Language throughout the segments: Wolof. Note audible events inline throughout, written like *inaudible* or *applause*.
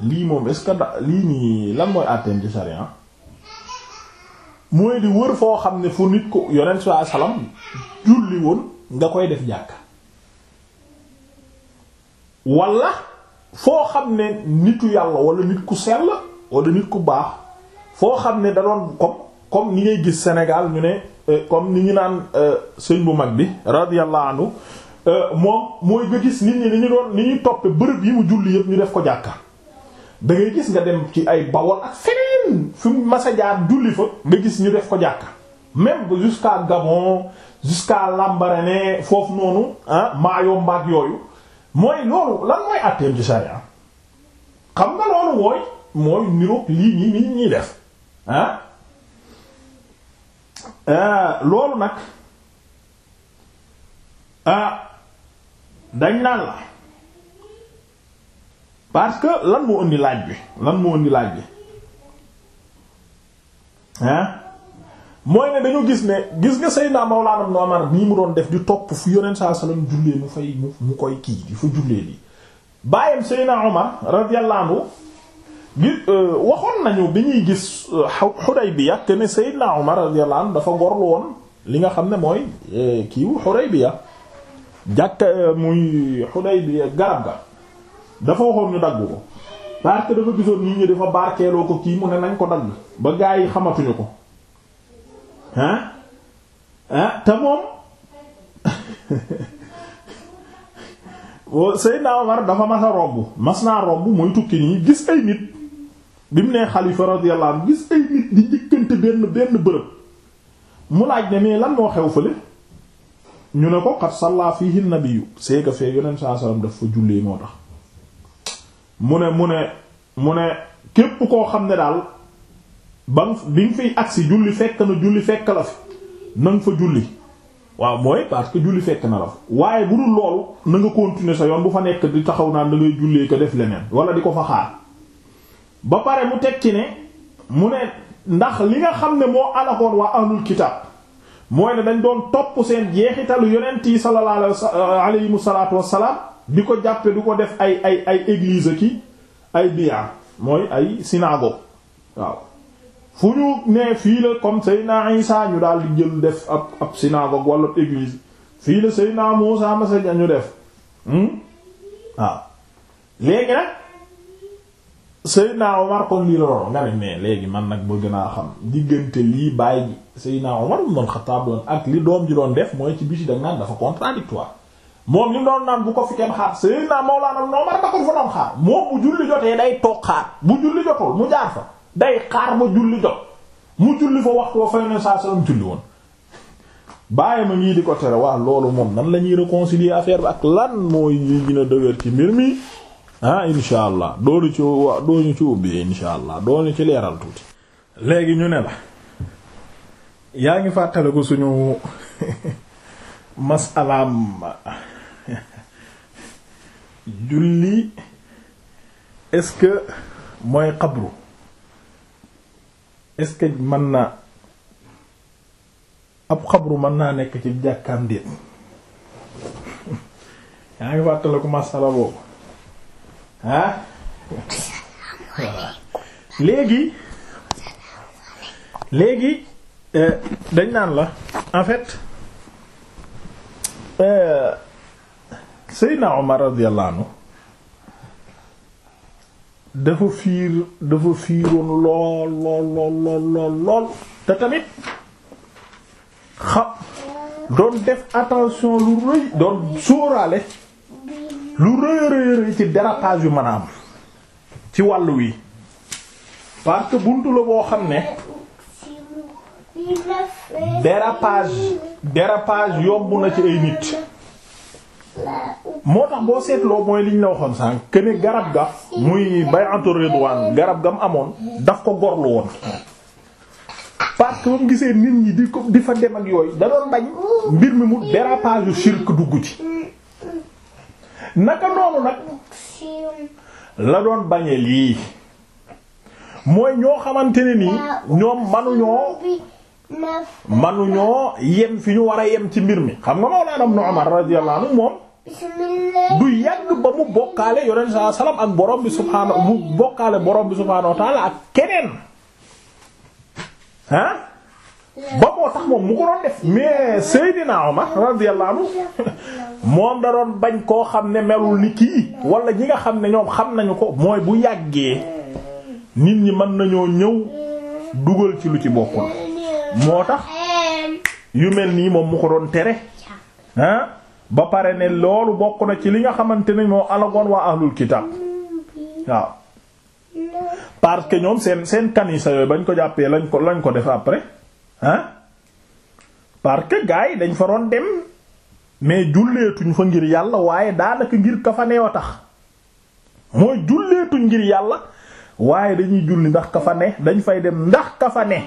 lii moom est-ce que da lii nii lan mooy àtteem ci mooy di wër foo xam ne fu nit ko yonent saa salaam julli woon nga koy def jàkk wala foo xam ne nitu yàlla wala nit ku sell wala nit ku baax foo xam ne da doon comme comme ni ngay gis senegal ñu ne euh, comme ni ñu naan euh, sëñ bu mag bi radiyallahu anhu euh, moom mooy nga gis nit ñi ni ñu doon ni ñuy toppe bërëb yi mu julli yëpp ñu def ko jàkka dangay gis nga dem ci ay Bawol ak feneen fi mu julli fa nga gis ñu def ko jàkka même ba jusqu'à Gabon jusqu'à Lambaréné foofu noonu ah Mayomba yooyu mooy loolu lan mooy àtteem ci sharia xam nga loolu mooy mooy niroog lii nii nii ñuy def ah, ah loolu nag ah dañ naan la parce que lan mu indi laaj bi lan moo indi laaj bi mooy ne dañu gis ne gis nga Seydina Mawlana Ibn nii mu doon def di topp fu yonent saa salaam jullee mu fay mu koy kii di fa jullee di bàyyam Seydina Umar radiyallahu anhu gi euh, waxoon nañu bi ñuy gis euh, Hudaybiya te ne Seydina Umar radiyallahu anhu dafa gorlu woon li nga xam ne mooy euh, kiiwu Hudaybiya jàkk muy Hudaybiya garab ga dafa waxoon ñu dagg ko parce dafa gisoon nit ñi dafa barkeeloo ko kii mu ne nañ ko dagg ba gaa xamatuñu ko ah te moom *laughs* Seydina Omar dafa mas a robb mas naa robb muy tukki nii gis ay nit bi mu nee xalifa radiyallahu anhu gis ay nit di njëkkante benn benn bërëb mu laaj ne mais lan moo xew fële ñu ne ko xat salla fihi nabiyyu seega fee yonent saa sallam daf fa jullee moo tax mu ne mu ne mu ne képp koo xam ne daal ba bi nga fiy agsi julli fekk na julli fekk la fi na nga fa julli waaw mooy parce que julli fekk na la fa waaye bu dul loolu na continuer sa yoon bu fa nekk di taxaw naan da ngay jullee ko def leneen wala di ko fa xaar ba pare mu teg ci ne mu ne ndax li nga xam ne moo alakoon waa ahlul kitaab mooy ne dañ doon topp seen jeexitalu yonent yi sallallahu alayhi wa salatu wasalaam di ko jàppe du ko def ay ay ay église ki ay biya mooy ay synagogue waaw fu ñu ne fii la comme Seydina Isa ñu daal di jël def ab ab synagogue wala église fii la Seydina Muusa ma sa ñu def hmm? waaw léegi nag naa Omar kon lii la doon nga ne mais léegi man nag bëgg naa xam diggante lii bàyyi Seydina Omar ibn Khattab doon ak li doom ji doon def mooy ci biti da nga naan dafa contradictoire moom li doon naan bu ko fi kenn xaar Seydina Mawlana Omar da ko fa doon xaar moom bu julli jotee day toog xaar bu julli jotul mu jaar fa day xaar ba julli jot mu julli fa waxtu wa fa yoneen saa salaam julli woon bàyyi ma ñii di ko tere waaw loolu moom nan la ñuy réconcilier affaire bi ak lan moo yi gën dëgër ci mbir mi ah insha allah doonu ci wa dooñu ci ubbi insha allah doonu ci leeral tuuti léegi ñu ne la yaa ngi fàttale ko suñu *laughs* masalaam julli est-ce mooy xabru est-ce que mën na ab xabru mën naa nekk ci jàkkaam déet *laughs* yaa ngi fàttaliku masala boobu ah *laughs* léegi léegi euh, dañ naan la en fait. Euh, Seydina Omar radiyallahu anhu dafa fiir dafa fiiroon lool lool lool lool te tamit xam doon def attention lu rëy doon sóoraale lu rëy rëy ci dérapage yu mën ci wàll wi parce que buntu la boo xam ne dérapage dérapage yomb na ci ay nit moo tax boo seetloo mooy liñ la waxoon sànq que garab ga muy bay bay'atu ridwaan garab gam amoon daf ko gorlu woon parce que ba mu gisee nit ñi di ko di fa dem ak yooyu da doon mi mu dérapage yu cirque dugg ci naka noonu nag la bañee lii mooy ñoo xamante ne nii ñoom manuñoo manuñoo yem fi ñu war a yem ci mbir mi xam nga Mawlana Ibn Umar radiyallahu anhu moom du yàgg ba mu bokkaale yonent saa salaam ak boroom bi subhaanahu mu bokkaale boroom bi subhaanahu wa taala ak keneen ah ba moo tax moom mu ko doon def mais Seydina Omar radiyallahu *laughs* moom da doon bañ koo xam ne melul ni kii wala ñi nga xam ne ñoom xam nañu ko mooy bu yàggee nit ñi mën nañoo ñëw dugal ci lu ci bokkul moo tax yu mel nii moom mu ko doon tere ba pare ne loolu bokk na ci li nga xamante ne moo alagoon waa ahlul kitab waaw parce que ñoom seen seen kanisa yooyu ko jàppee lañ ko lañ ko def après ah parce que gars dañ fa doon dem mais julleetuñ fa ngir yàlla waaye daanaka ngir ka a tax mooy julleetuñ ngir yàlla waaye dañuy julli ndax ka fa ne dañ fay dem ndax ka fa ne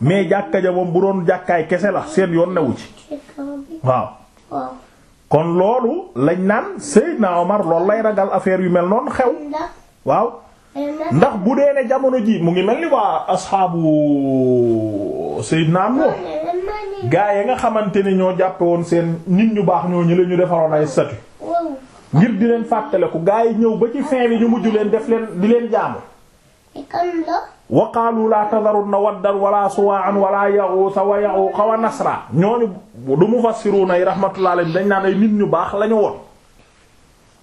mais jàkka ja moom bu doon jàkkaay kese la seen yoon newu ci waaw kon loolu lañ naan Seydina Omar loolu lay ragal affaire yu mel noonu xew waaw ndax bu dee ne jamono ji mu ngi mel ni waa asxaabu Seydina am noonu gaa yi nga xamante ni ñoo jàppe woon seen nit ñu baax ñoo ñu la ñu defaroon ay statue ngir di leen fàttaliku gaa yi ñëw ba ci fin yi ñu mujj leen def leen di leen jaamu wa qaalu laa tadarunna waddan wala suwaa'an wala yaghutha wa yaghuuqa wa nasra ñooñu du mufassiruuna yi rahmatullahi alayhim dañ naan ay nit ñu baax lañu woon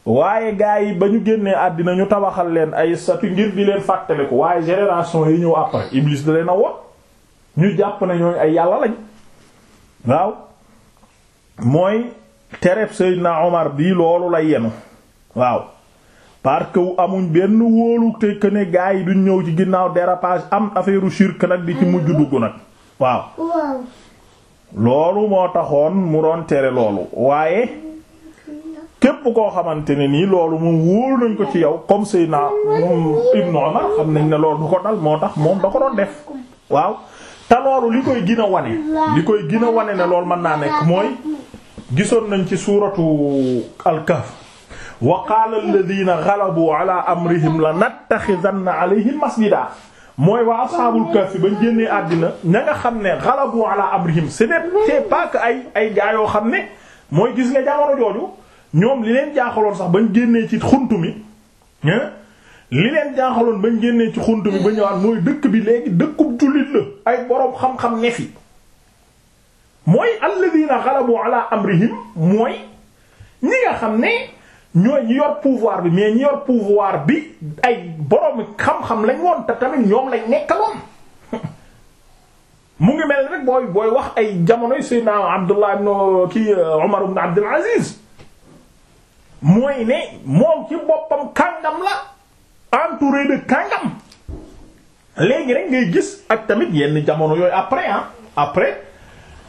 waaye gaa yi ba ñu génnee àddina ñu tabaxal leen ay satu ngir di leen fàttaliku waaye génération yi ñëw après Iblis da leen a won ñu jàpp ne ñooñu ay yàlla lañ waaw mooy tereb Seydina Omar bii loolu lay yenu waaw parce que amuñ benn wóolu te que gaa yi duñ ñëw ci ginnaaw dérapage am affaire shirk nag bi ci mujj dugg nag waaw. loolu moo taxoon mu doon tere loolu waaye képp koo xamante ne nii loolu moom wóolu nañ ko ci yow comme Seydina moom Ibnu Umar xam nañ ne loolu du ko dal moo tax moom da ko doon def waaw. te loolu li koy gën a wane li koy gën wane ne loolu mën naa nekk mooy gisoon nañ ci suuratu al wa qaala alladhiina ghalabu ala amrihim lanattaxidanna alayhim masjida mooy waa ashaabul kahf bañ génnee àddina ña nga xam ne ghalabu ala amrihim ce n'est pas que ay ay gaa yoo xam ne mooy gis nga jamono jooju ñoom li leen jaaxaloon sax bañ génnee ci xuntu mi li leen jaaxaloon bañ génnee ci xuntu mi ba ñëwaat mooy dëkk bi léegi dëkkub jullit la ay boroom xam-xam ne fi mooy alladhiina ghalabu ala amrihim mooy ñi nga xam ne ñooy ñi yor pouvoir bi mais ñi yor pouvoir bi ay borom xam-xam lañ woon te tamit ñoom lañ nekkaloon *laughs* mu ngi mel rek booy booy wax ay jamonoy Seydina Abdullah ibn kii Umar uh, ibn Abdul Aziz mooy ne moom ci boppam kàngam la entouré de kàngam léegi rek ngay gis ak tamit yenn jamono yooyu après ah après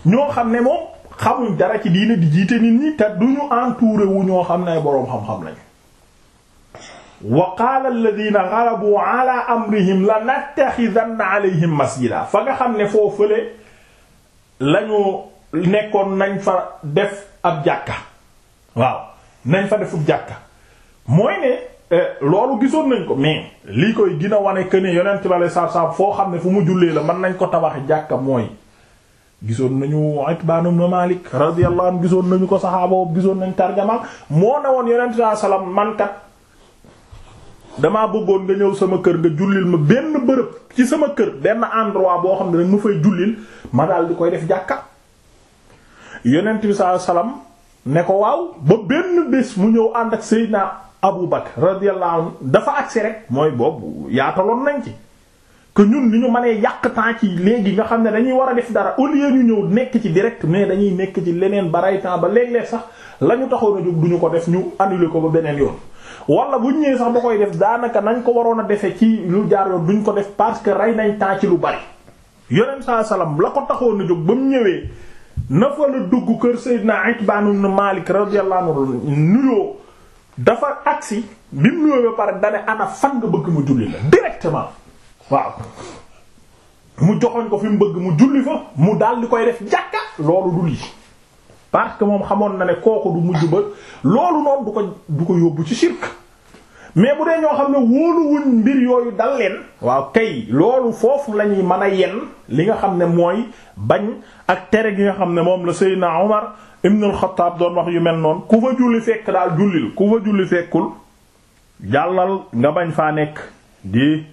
ñoo xam ne moom. xamuñ dara ci diine di jiite nit ñi te duñu entouré wu ñoo xam ne ay boroom xam-xam lañ wa qaala alladina galabu ala amrihim la nattaxidanna alayhim masjida fa nga xam ne foo fële lañu nekkoon nañ fa def ak jàkka waaw nañ fa def ab jàkka mooy ne eh, loolu gisoon nañ ko mais lii koy dina wane que ne yonent bi alei satu foo xam ne fu mu jullee la mën nañ ko tabax jàkka mooy gisoon nañu Itbaan ibn Maalik radiyallahu gisoon nañu ko saxaaba boobu gisoon nañu tarjama moo ne woon yonent saa salaam man kat damaa bëggoon nga ñëw sama kër nga jullil ma benn bërëb ci sama kër benn endroit boo xam ne nag mu fay jullil ma daal di koy def jàkka yonent bi saa salaam ne ko waaw ba benn bés mu ñëw ànd ak Seydina Abu Bakr radiyallahu anhu dafa agsi rek mooy boobu yaataloon nañ ci. que ñun ni ñu mënee yàq temps yi léegi nga xam ne dañuy war a def dara au lieu ñu ñëw nekk ci direct mais dañuy nekk ci leneen ba ray temps ba léeg-léeg sax la ñu taxoon a jóg duñu ko def ñu annuler ko ba beneen yoon wala bu ñëwee sax ba koy def daanaka nañ ko waroon a defee ci lu jaar yoon duñ ko def parce que rey nañ temps ci lu bari yonent saa salaam la ko taxoon jóg ba mu ñëwee na fa la dugg kër Seydina Itbaan ibn Maalik radiyallahu anhu nuyoo dafa agsi bi mu nuyoo ba pare dane ana fan nga bëgg mu julli la directement waaw mu joxoñ ko fi mbëgg mu julli fa mu daal di koy def jàkka loolu du lii parce que moom xamoon na ne kooku du mujj ba loolu noonu du ko du ko yóbbu ci sirk mais bu dee ñoo xam ne wóoluwuñ mbir yooyu dal leen waaw kay loolu foofu la ñuy mën a yenn li nga xam ne mooy bañ ak tere gi nga xam ne moom la Seydina Omar ibn al-Khattab doon wax yu mel noonu ku fa julli fekk daal jullil ku fa julli fekkul jàllal nga bañ faa nekk di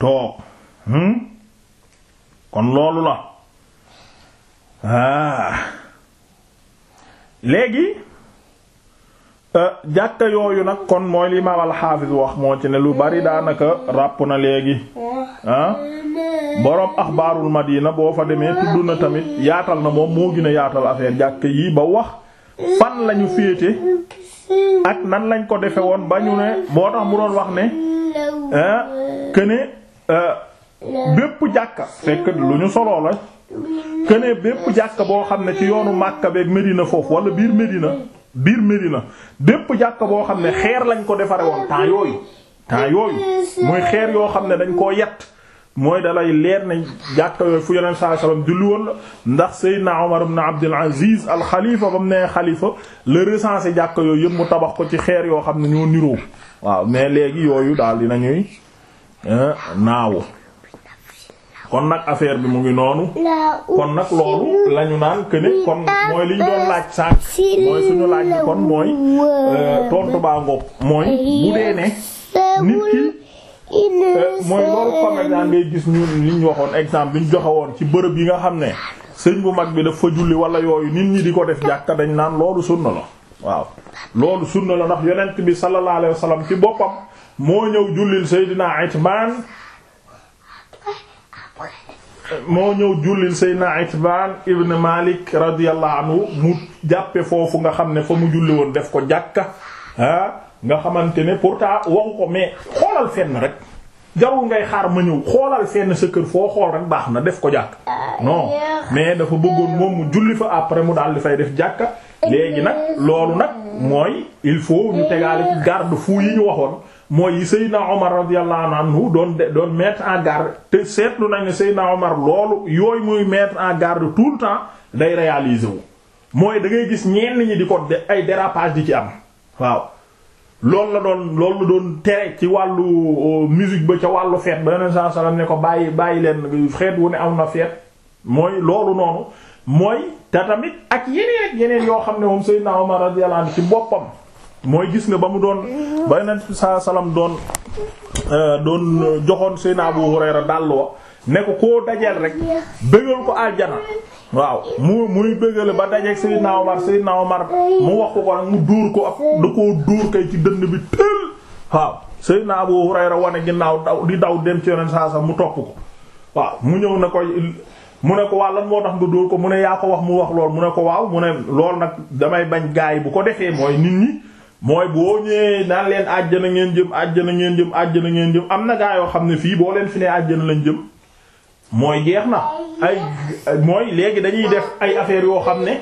toog hmm? kon loolu la ah. léegi euh, jàkka yooyu nag kon mooy li imaam alxaafis wax moo ci ne lu bari daanaka ràpp na léegi ah? boroom axbaarul madina boo fa demee tudd na tamit yaatal na moom moo gën a yaatal affaire jàkka yi ba wax fan lañu féete ak nan lañ ko defe woon ba ñu ne boo tax mu doon wax ne ah, que ne Euh, bépp jàkka fekk lu ñu soloo la kënee bépp jàkka boo xam ne ci yoonu Makka beek Medina foofu wala biir Medina biir Medina bépp jàkka boo xam ne xeer lañ ko defaree woon temps yooyu temps yooyu muy xeer yoo xam ne dañ koo yett mooy dalay leer ne jàkka yooyu fu yonent sallallahu alayhi wasallam julli woon la ndax Seydina Omar ibn Abdul Aziz al xalifa ba mu nee xalifa la recensé jàkka yooyu yëpp mu tabax ko ci xeer yoo xam ne ñoo niroo waaw mais léegi yooyu daal dina ñuy Eh, naawu kon nag affaire bi mu ngi noonu kon nag loolu lañu naan këne kon mooy liñ doon laaj sànq mooy suñu laaj bi kon mooy eh, tontu baa ngoog mooy bu dee ne nit ki eh, mooy loolu par exemple ngay gis exemple bi ñu joxe woon ci bërëb yi nga xam ne sëñ bu mag bi dafa julli wala yooyu nit ñi di ko def jàkka dañ naan loolu sunna la waaw loolu sunna la ndax yonent bi sallallahu alayhi wa sallam ci boppam moo ñëw jullil Seydina Itbaan moo ñëw jullil Seydina Itbaan ibn Malik radiyallahu anhu mu jàppe foofu nga xam ne fa mu julli woon def ko jàkka nga xamante ne pourtant waxu ko mais xoolal fenn rek jarul ngay xaar ma ñëw xoolal fenn sa kër foo xool rek baax na def ko jàkk non mais dafa bëggoon moom mu julli fa après mu daal di fay def jàkka léegi nag loolu nag mooy il faut ñu tegaale ci garde-fou yi ñu waxoon mooy yi Seydina Omar radiyallahu anhu doon doon mettre en garde te seetlu nañ ne Seydina Omar loolu yooyu muy mettre en garde tout le temps day réaliser wu mooy da ngay gis ñenn ñi di ko ay dérapage di ci am waaw loolu na doon loolu la doon tere ci wàllu euh, musique ba ca wàllu feet ba yoneen saa ne ko bàyyi bàyyi leen xeet wu ne am na feet mooy loolu noonu mooy te tamit ak yeneen yoo xam ne moom Seydina Omar radiyallahu anhu ci boppam mooy gis ne ba mu doon ba Yonent bi sallallahu alayhi doon euh, doon joxoon Seydina Abu Hurayra dàll wa ne ko koo dajeel rek bëggal ko aljana waaw mu muy bëggale ba dajeeg Seydina Omar ma Omar mu wax ko ko mu dóor ko ak da koo dóor kay ci dënn bi tël waaw Seydina Abu Hurayra wane ginnaaw daw di daw dem ci Yonent sallallahu alayhi mu topp ko waaw mu ñëw ne ko mu ne ko waaw lan moo tax nga dóor ko mu ne yaa ko wax mu wax lool mu ne ko waaw mu ne lool nag damay bañ gaay bu ko defee mooy nit ñi mooy boo ñëwee naan leen àjjana ngeen jëm àjjana ngeen jëm àjjana ngeen jëm am na gaa yoo xam ne fii boo leen fi ne àjjana lañ jëm mooy jeex na ay mooy léegi dañuy def ay affaires yoo xam ne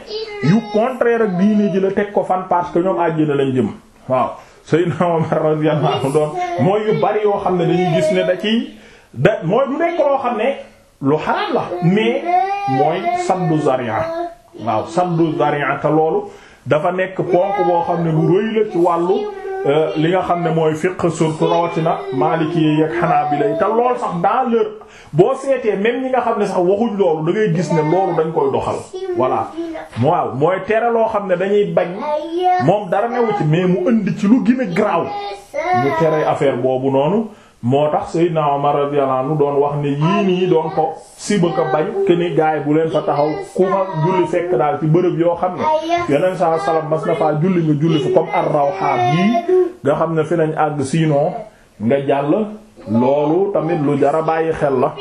yu contraire ak diine ji la teg ko fan parce que ñoom àjjana lañ jëm waaw Seydina Omar radiyallahu anhu doon mooy yu bari yoo xam ne dañuy gis ne da ciy da mooy du nekk loo xam ne lu xaraam la mais mooy saddu zaria waaw saddu zaria te loolu dafa nekk ponk boo xam ne lu rëy la ci wàllu euh, li nga xam ne mooy fiqh surtout rawatina maliki yi ak hanabila yi te loolu sax dans leur boo seetee même ñi nga xam ne sax waxuñ loolu dangay gis ne loolu dañ koy doxal voilà waaw mooy tere loo xam ne dañuy bañ moom dara newu ci mais mu indi ci lu gën a garaaw ñu tere affaire boobu noonu moo tax Seydina Omar radiyallahu anhu doon wax ne yii nii doon ko sibaka bañ ke gaay bu leen fa taxaw ku fa julli fekk daal ci bërëb yoo xam ne yeneen saa salam mas na faa julli nga julli fu comme ar-Rawha yii nga xam ne fi nañ àgg sinon nga jàll loolu tamit lu jara bàyyi xel la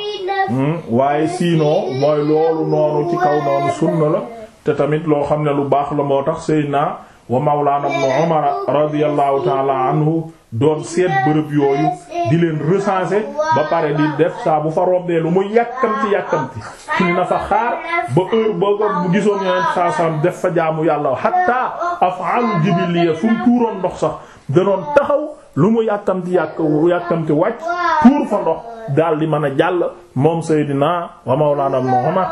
hmm? waaye sinon mooy loolu noonu ci kaw noonu sunna la te tamit loo xam ne lu baax la moo tax naa wa mawlaana ibn Umar radiyallahu taala anhu doon seet bërëb yooyu di leen recenser ba pare di def saa bu fa rombee lu mu yàkkamti yàkkamti ci na fa xaar ba heure ba bu gisoon yeneen saa saam def fa jaamu yàlla hatta af'alu jibiliya fu mu tuuroon ndox sax danoon taxaw lu mu yàkkamti yàkk yàkkamti wàcc tuur fa ndox daal di mën a jàll moom Seydina wa mawlaana ibn Umar